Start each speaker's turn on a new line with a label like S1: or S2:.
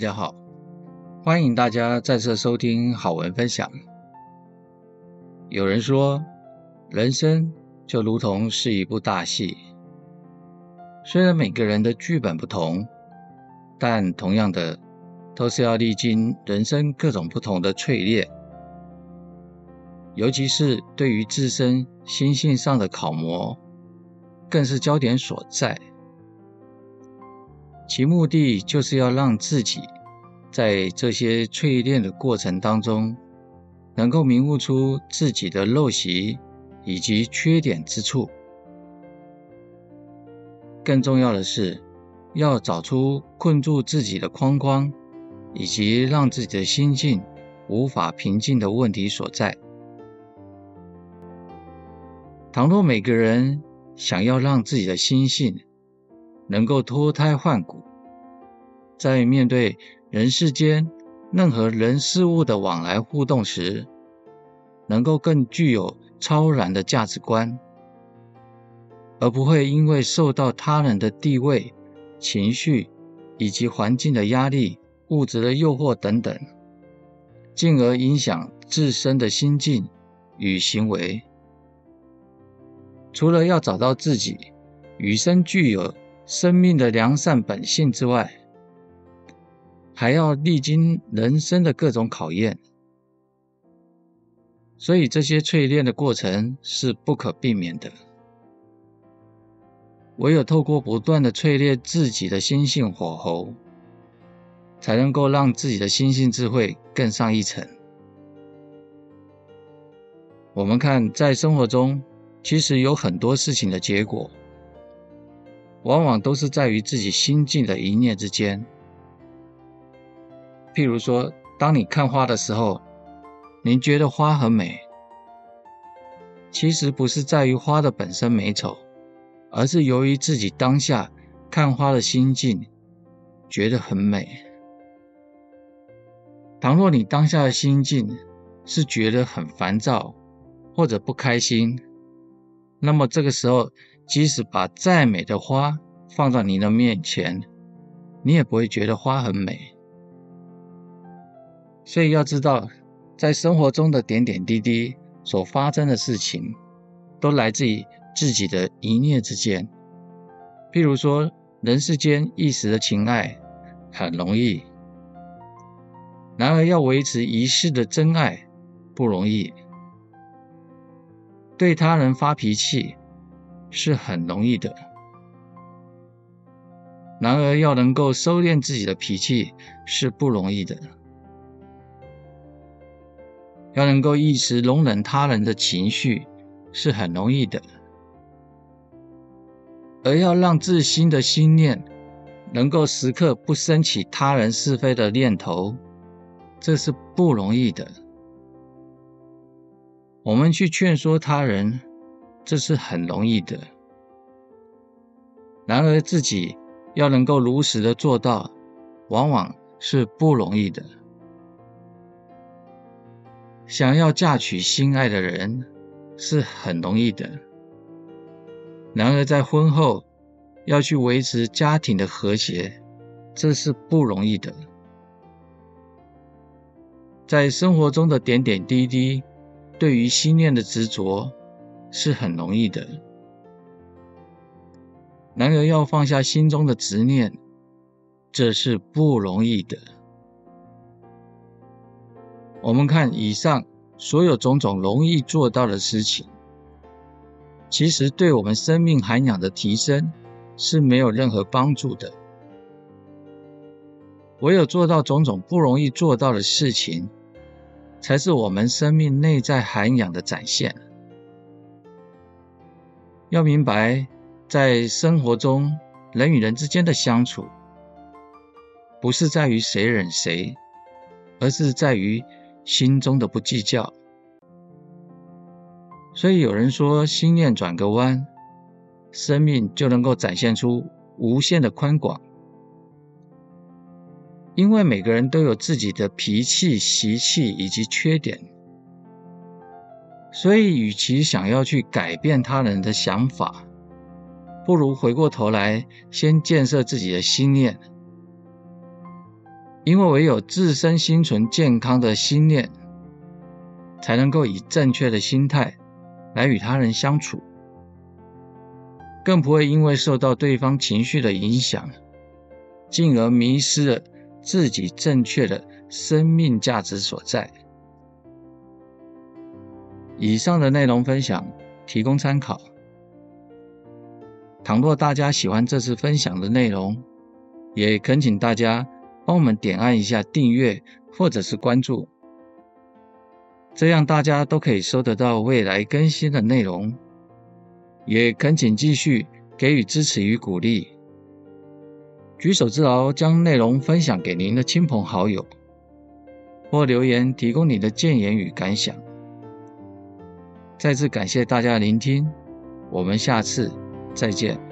S1: 大家好，歡迎大家再次收聽好文分享。有人說，人生就如同是一部大戲，雖然每個人的劇本不同，但同樣的都是要歷經人生各種不同的淬煉，尤其是對於自身心性上的考磨，更是焦點所在。其目的就是要讓自己在這些淬煉的過程當中，能夠明悟出自己的陋習以及缺點之處。更重要的是，要找出困住自己的框框，以及讓自己的心境無法平靜的問題所在。倘若每個人想要讓自己的心性，能夠脫胎換骨，在面對人世間任何人事物的往來互動時，能夠更具有超然的價值觀，而不會因為受到他人的地位、情緒以及環境的壓力、物質的誘惑等等，進而影響自身的心境與行為。除了要找到自己與生俱有。生命的良善本性之外，還要歷經人生的各種考驗，所以這些淬煉的過程是不可避免的。唯有透過不斷的淬煉自己的心性火候，才能夠讓自己的心性智慧更上一層。我們看，在生活中，其實有很多事情的結果。往往都是在於自己心境的一念之間。譬如說，當你看花的時候，你覺得花很美，其實不是在於花的本身美醜，而是由於自己當下看花的心境，覺得很美。倘若你當下的心境是覺得很煩躁，或者不開心，那麼這個時候。即使把再美的花放到你的面前，你也不會覺得花很美。所以要知道，在生活中的點點滴滴所發生的事情，都來自於自己的一念之間。譬如說，人世間一時的情愛很容易，然而要維持一世的真愛不容易。對他人發脾氣，是很容易的，然而要能夠收斂自己的脾氣是不容易的；要能夠一時容忍他人的情緒是很容易的，而要讓自心的心念能夠時刻不升起他人是非的念頭，這是不容易的。我們去勸說他人。這是很容易的，然而自己要能夠如實的做到，往往是不容易的。想要嫁娶心愛的人是很容易的，然而在婚後要去維持家庭的和諧，這是不容易的。在生活中的點點滴滴，對於心念的執着。是很容易的，然而要放下心中的執念，這是不容易的。我們看以上所有種種容易做到的事情，其實對我們生命涵養的提升是沒有任何幫助的。唯有做到種種不容易做到的事情，才是我們生命內在涵養的展現。要明白，在生活中，人與人之間的相處，不是在於誰忍誰，而是在於心中的不計較。所以有人說，心念轉個彎，生命就能夠展現出無限的寬廣。因為每個人都有自己的脾氣、習氣以及缺點。所以，與其想要去改變他人的想法，不如回過頭來先建設自己的心念。因為唯有自身心存健康的心念，才能夠以正確的心態來與他人相處，更不會因為受到對方情緒的影響，進而迷失了自己正確的生命價值所在。以上的內容分享提供參考。倘若大家喜歡這次分享的內容，也懇請大家幫我們點按一下訂閱或者是關注，這樣大家都可以收得到未來更新的內容。也懇請繼續給予支持與鼓勵，舉手之勞將內容分享給您的親朋好友，或留言提供你的建言與感想。再次感謝大家聆聽，我們下次再見。